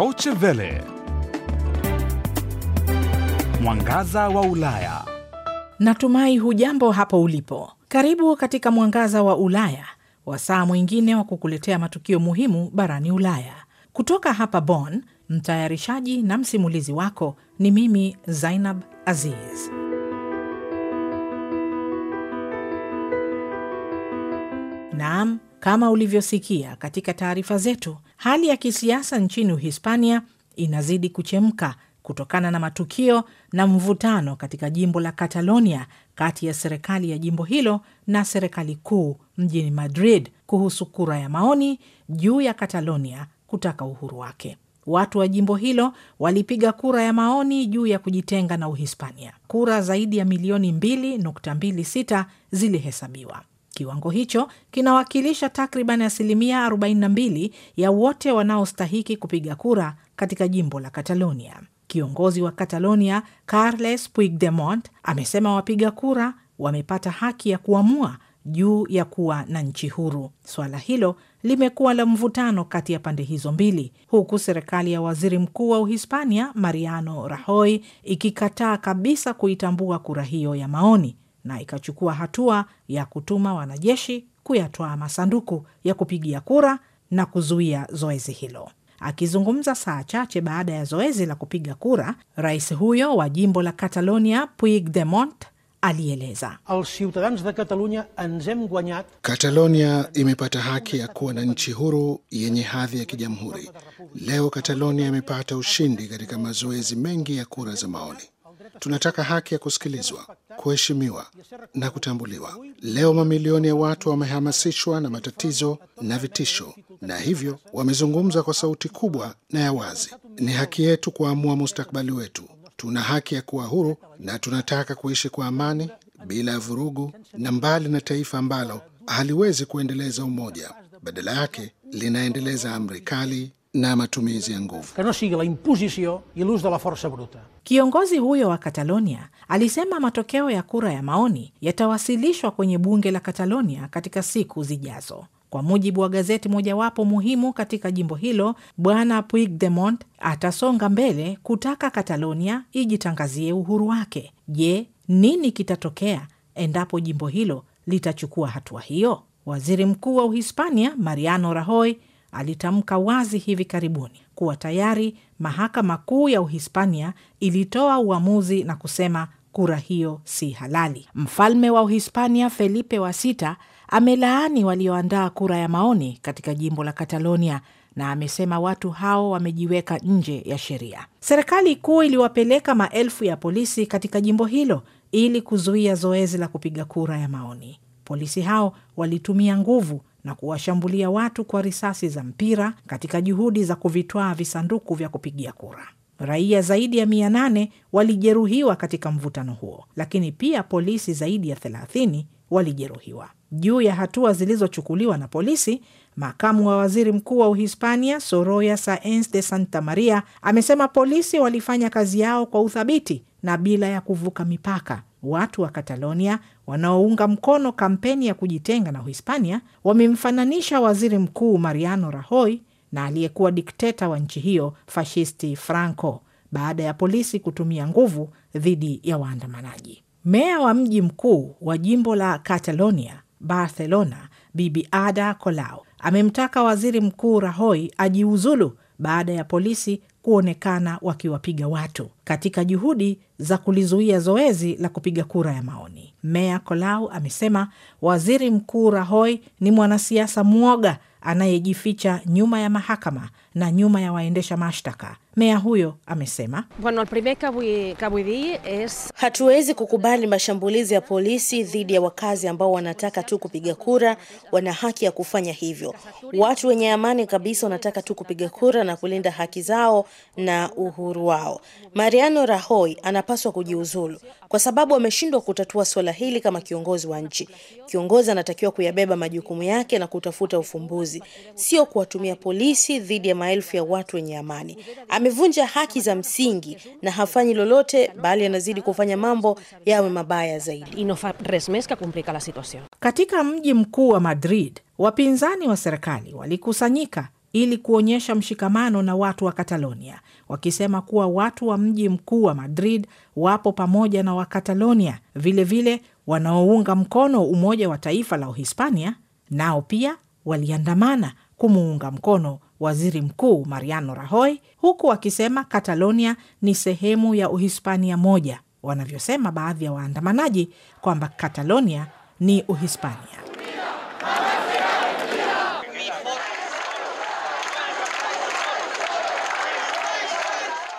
Deutsche Welle, Mwangaza wa Ulaya. Natumai hujambo hapo ulipo. Karibu katika Mwangaza wa Ulaya, wasaa mwingine wa kukuletea matukio muhimu barani Ulaya. Kutoka hapa Bonn, mtayarishaji na msimulizi wako ni mimi Zainab Aziz. Naam, kama ulivyosikia katika taarifa zetu Hali ya kisiasa nchini Uhispania inazidi kuchemka kutokana na matukio na mvutano katika jimbo la Catalonia kati ya serikali ya jimbo hilo na serikali kuu mjini Madrid kuhusu kura ya maoni juu ya Catalonia kutaka uhuru wake. Watu wa jimbo hilo walipiga kura ya maoni juu ya kujitenga na Uhispania. Kura zaidi ya milioni 2.26 zilihesabiwa. Kiwango hicho kinawakilisha takriban asilimia 42 ya wote wanaostahiki kupiga kura katika jimbo la Catalonia. Kiongozi wa Catalonia Carles Puigdemont amesema wapiga kura wamepata haki ya kuamua juu ya kuwa na nchi huru. Suala hilo limekuwa la mvutano kati ya pande hizo mbili, huku serikali ya waziri mkuu wa Uhispania Mariano Rajoy ikikataa kabisa kuitambua kura hiyo ya maoni, na ikachukua hatua ya kutuma wanajeshi kuyatwaa masanduku ya kupigia kura na kuzuia zoezi hilo. Akizungumza saa chache baada ya zoezi la kupiga kura, rais huyo wa jimbo la Catalonia Puigdemont alieleza, Catalonia imepata haki ya kuwa na nchi huru yenye hadhi ya kijamhuri. Leo Catalonia imepata ushindi katika mazoezi mengi ya kura za maoni. Tunataka haki ya kusikilizwa, kuheshimiwa na kutambuliwa. Leo mamilioni ya watu wamehamasishwa na matatizo na vitisho, na hivyo wamezungumza kwa sauti kubwa na ya wazi. Ni haki yetu kuamua mustakabali wetu. Tuna haki ya kuwa huru na tunataka kuishi kwa amani bila ya vurugu na mbali na taifa ambalo haliwezi kuendeleza umoja, badala yake linaendeleza amri kali na matumizi ya nguvu. Kiongozi huyo wa Katalonia alisema matokeo ya kura ya maoni yatawasilishwa kwenye bunge la Katalonia katika siku zijazo. Kwa mujibu wa gazeti mojawapo muhimu katika jimbo hilo, Bwana Puigdemont atasonga mbele kutaka Katalonia ijitangazie uhuru wake. Je, nini kitatokea endapo jimbo hilo litachukua hatua hiyo? Waziri Mkuu wa Uhispania Mariano Rajoy alitamka wazi hivi karibuni kuwa tayari mahakama kuu ya Uhispania ilitoa uamuzi na kusema kura hiyo si halali. Mfalme wa Uhispania Felipe wa sita amelaani walioandaa kura ya maoni katika jimbo la Katalonia na amesema watu hao wamejiweka nje ya sheria. Serikali kuu iliwapeleka maelfu ya polisi katika jimbo hilo ili kuzuia zoezi la kupiga kura ya maoni. Polisi hao walitumia nguvu na kuwashambulia watu kwa risasi za mpira katika juhudi za kuvitwaa visanduku vya kupigia kura. Raia zaidi ya mia nane walijeruhiwa katika mvutano huo, lakini pia polisi zaidi ya thelathini walijeruhiwa. Juu ya hatua zilizochukuliwa na polisi, makamu wa waziri mkuu wa Uhispania Soroya Saenz de Santa Maria amesema polisi walifanya kazi yao kwa uthabiti na bila ya kuvuka mipaka Watu wa Catalonia wanaounga mkono kampeni ya kujitenga na Uhispania wamemfananisha waziri mkuu Mariano Rajoy na aliyekuwa dikteta wa nchi hiyo fashisti Franco baada ya polisi kutumia nguvu dhidi ya waandamanaji. Meya wa mji mkuu wa jimbo la Catalonia, Barcelona, Bibi Ada Colau amemtaka waziri mkuu Rajoy ajiuzulu baada ya polisi kuonekana wakiwapiga watu katika juhudi za kulizuia zoezi la kupiga kura ya maoni. Meya Kolau amesema waziri mkuu Rahoi ni mwanasiasa mwoga anayejificha nyuma ya mahakama na nyuma ya waendesha mashtaka Meya huyo amesema bueno, es... hatuwezi kukubali mashambulizi ya polisi dhidi ya wakazi ambao wanataka tu kupiga kura. Wana haki ya kufanya hivyo. Watu wenye amani kabisa wanataka tu kupiga kura na kulinda haki zao na uhuru wao. Mariano Rajoy anapaswa kujiuzulu kwa sababu ameshindwa kutatua suala hili kama kiongozi wa nchi. Kiongozi anatakiwa kuyabeba majukumu yake na kutafuta ufumbuzi, sio kuwatumia polisi dhidi ya maelfu ya watu wenye amani. Ame amevunja haki za msingi na hafanyi lolote, bali anazidi kufanya mambo yawe mabaya zaidi. Katika mji mkuu wa Madrid, wapinzani wa serikali walikusanyika ili kuonyesha mshikamano na watu wa Katalonia, wakisema kuwa watu wa mji mkuu wa Madrid wapo pamoja na Wakatalonia vilevile. Wanaounga mkono umoja wa taifa la Uhispania nao pia waliandamana kumuunga mkono waziri mkuu Mariano Rajoy, huku wakisema Catalonia ni sehemu ya Uhispania moja, wanavyosema baadhi ya waandamanaji kwamba Catalonia ni Uhispania.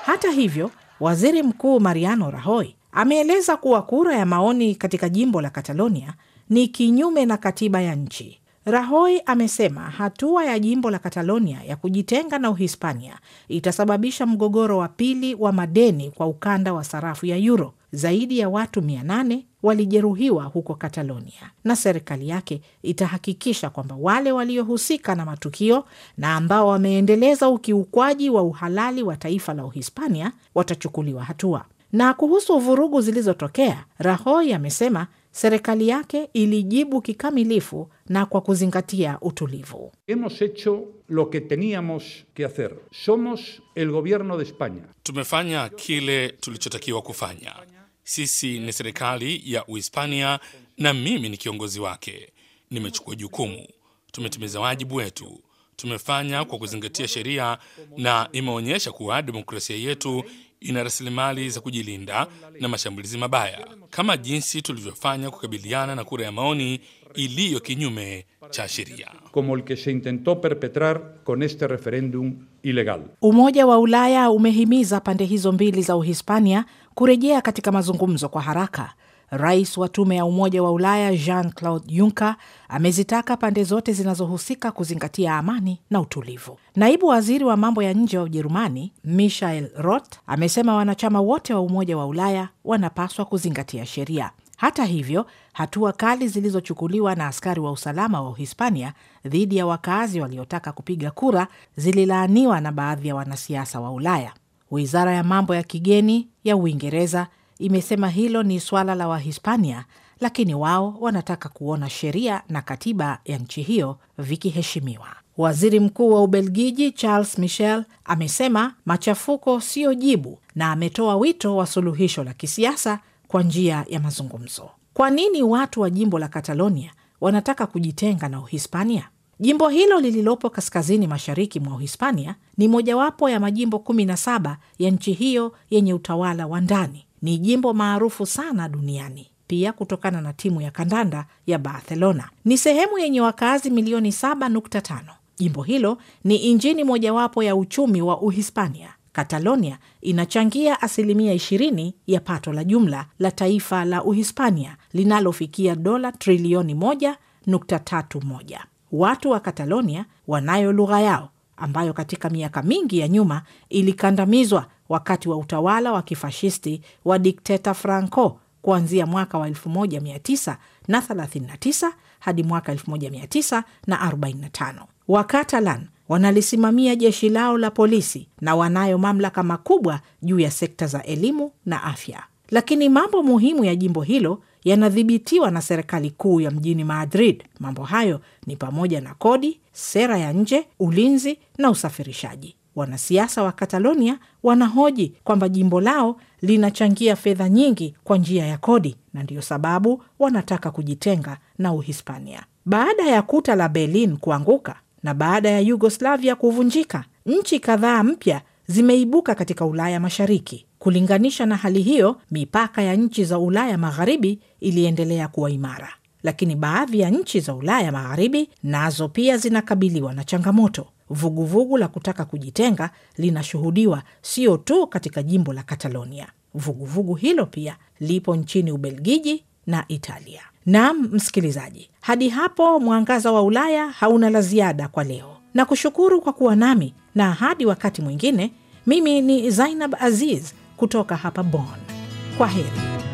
Hata hivyo, waziri mkuu Mariano Rajoy ameeleza kuwa kura ya maoni katika jimbo la Catalonia ni kinyume na katiba ya nchi rahoy amesema hatua ya jimbo la Catalonia ya kujitenga na Uhispania itasababisha mgogoro wa pili wa madeni kwa ukanda wa sarafu ya euro. Zaidi ya watu 8 walijeruhiwa huko Catalonia na serikali yake itahakikisha kwamba wale waliohusika na matukio na ambao wameendeleza ukiukwaji wa uhalali wa taifa la Uhispania watachukuliwa hatua. Na kuhusu vurugu zilizotokea, Rajoy amesema serikali yake ilijibu kikamilifu na kwa kuzingatia utulivu. Hemos hecho lo que teníamos que hacer. Somos el gobierno de España. Tumefanya kile tulichotakiwa kufanya. Sisi ni serikali ya Uhispania na mimi ni kiongozi wake. Nimechukua jukumu, tumetimiza wajibu wetu, tumefanya kwa kuzingatia sheria na imeonyesha kuwa demokrasia yetu ina rasilimali za kujilinda na mashambulizi mabaya, kama jinsi tulivyofanya kukabiliana na kura ya maoni iliyo kinyume cha sheria como el que se intentó perpetrar con este referendum ilegal. Umoja wa Ulaya umehimiza pande hizo mbili za Uhispania kurejea katika mazungumzo kwa haraka Rais wa Tume ya Umoja wa Ulaya Jean Claude Juncker amezitaka pande zote zinazohusika kuzingatia amani na utulivu. Naibu waziri wa mambo ya nje wa Ujerumani Michael Roth amesema wanachama wote wa Umoja wa Ulaya wanapaswa kuzingatia sheria. Hata hivyo, hatua kali zilizochukuliwa na askari wa usalama wa Uhispania dhidi ya wakaazi waliotaka kupiga kura zililaaniwa na baadhi ya wanasiasa wa Ulaya. Wizara ya mambo ya kigeni ya Uingereza imesema hilo ni swala la Wahispania, lakini wao wanataka kuona sheria na katiba ya nchi hiyo vikiheshimiwa. Waziri Mkuu wa Ubelgiji Charles Michel amesema machafuko siyo jibu na ametoa wito wa suluhisho la kisiasa kwa njia ya mazungumzo. Kwa nini watu wa jimbo la Katalonia wanataka kujitenga na Uhispania? Jimbo hilo lililopo kaskazini mashariki mwa Uhispania ni mojawapo ya majimbo 17 ya nchi hiyo yenye utawala wa ndani ni jimbo maarufu sana duniani pia kutokana na timu ya kandanda ya Barcelona. Ni sehemu yenye wakazi milioni 7.5. Jimbo hilo ni injini mojawapo ya uchumi wa Uhispania. Catalonia inachangia asilimia 20 ya pato la jumla la taifa la Uhispania linalofikia dola trilioni 1.31. Watu wa Catalonia wanayo lugha yao ambayo katika miaka mingi ya nyuma ilikandamizwa wakati wa utawala wa kifashisti wa dikteta Franco kuanzia mwaka wa 1939 hadi mwaka 1945. Wakatalan wanalisimamia jeshi lao la polisi na wanayo mamlaka makubwa juu ya sekta za elimu na afya, lakini mambo muhimu ya jimbo hilo yanadhibitiwa na serikali kuu ya mjini Madrid. Mambo hayo ni pamoja na kodi, sera ya nje, ulinzi na usafirishaji. Wanasiasa wa Katalonia wanahoji kwamba jimbo lao linachangia fedha nyingi kwa njia ya kodi na ndiyo sababu wanataka kujitenga na Uhispania. Baada ya kuta la Berlin kuanguka na baada ya Yugoslavia kuvunjika, nchi kadhaa mpya zimeibuka katika Ulaya Mashariki. Kulinganisha na hali hiyo, mipaka ya nchi za Ulaya Magharibi iliendelea kuwa imara, lakini baadhi ya nchi za Ulaya Magharibi nazo pia zinakabiliwa na changamoto vuguvugu vugu la kutaka kujitenga linashuhudiwa sio tu katika jimbo la Katalonia. Vuguvugu vugu hilo pia lipo nchini Ubelgiji na Italia. nam msikilizaji, hadi hapo Mwangaza wa Ulaya hauna la ziada kwa leo, na kushukuru kwa kuwa nami na hadi wakati mwingine. Mimi ni Zainab Aziz kutoka hapa bon Kwa heri.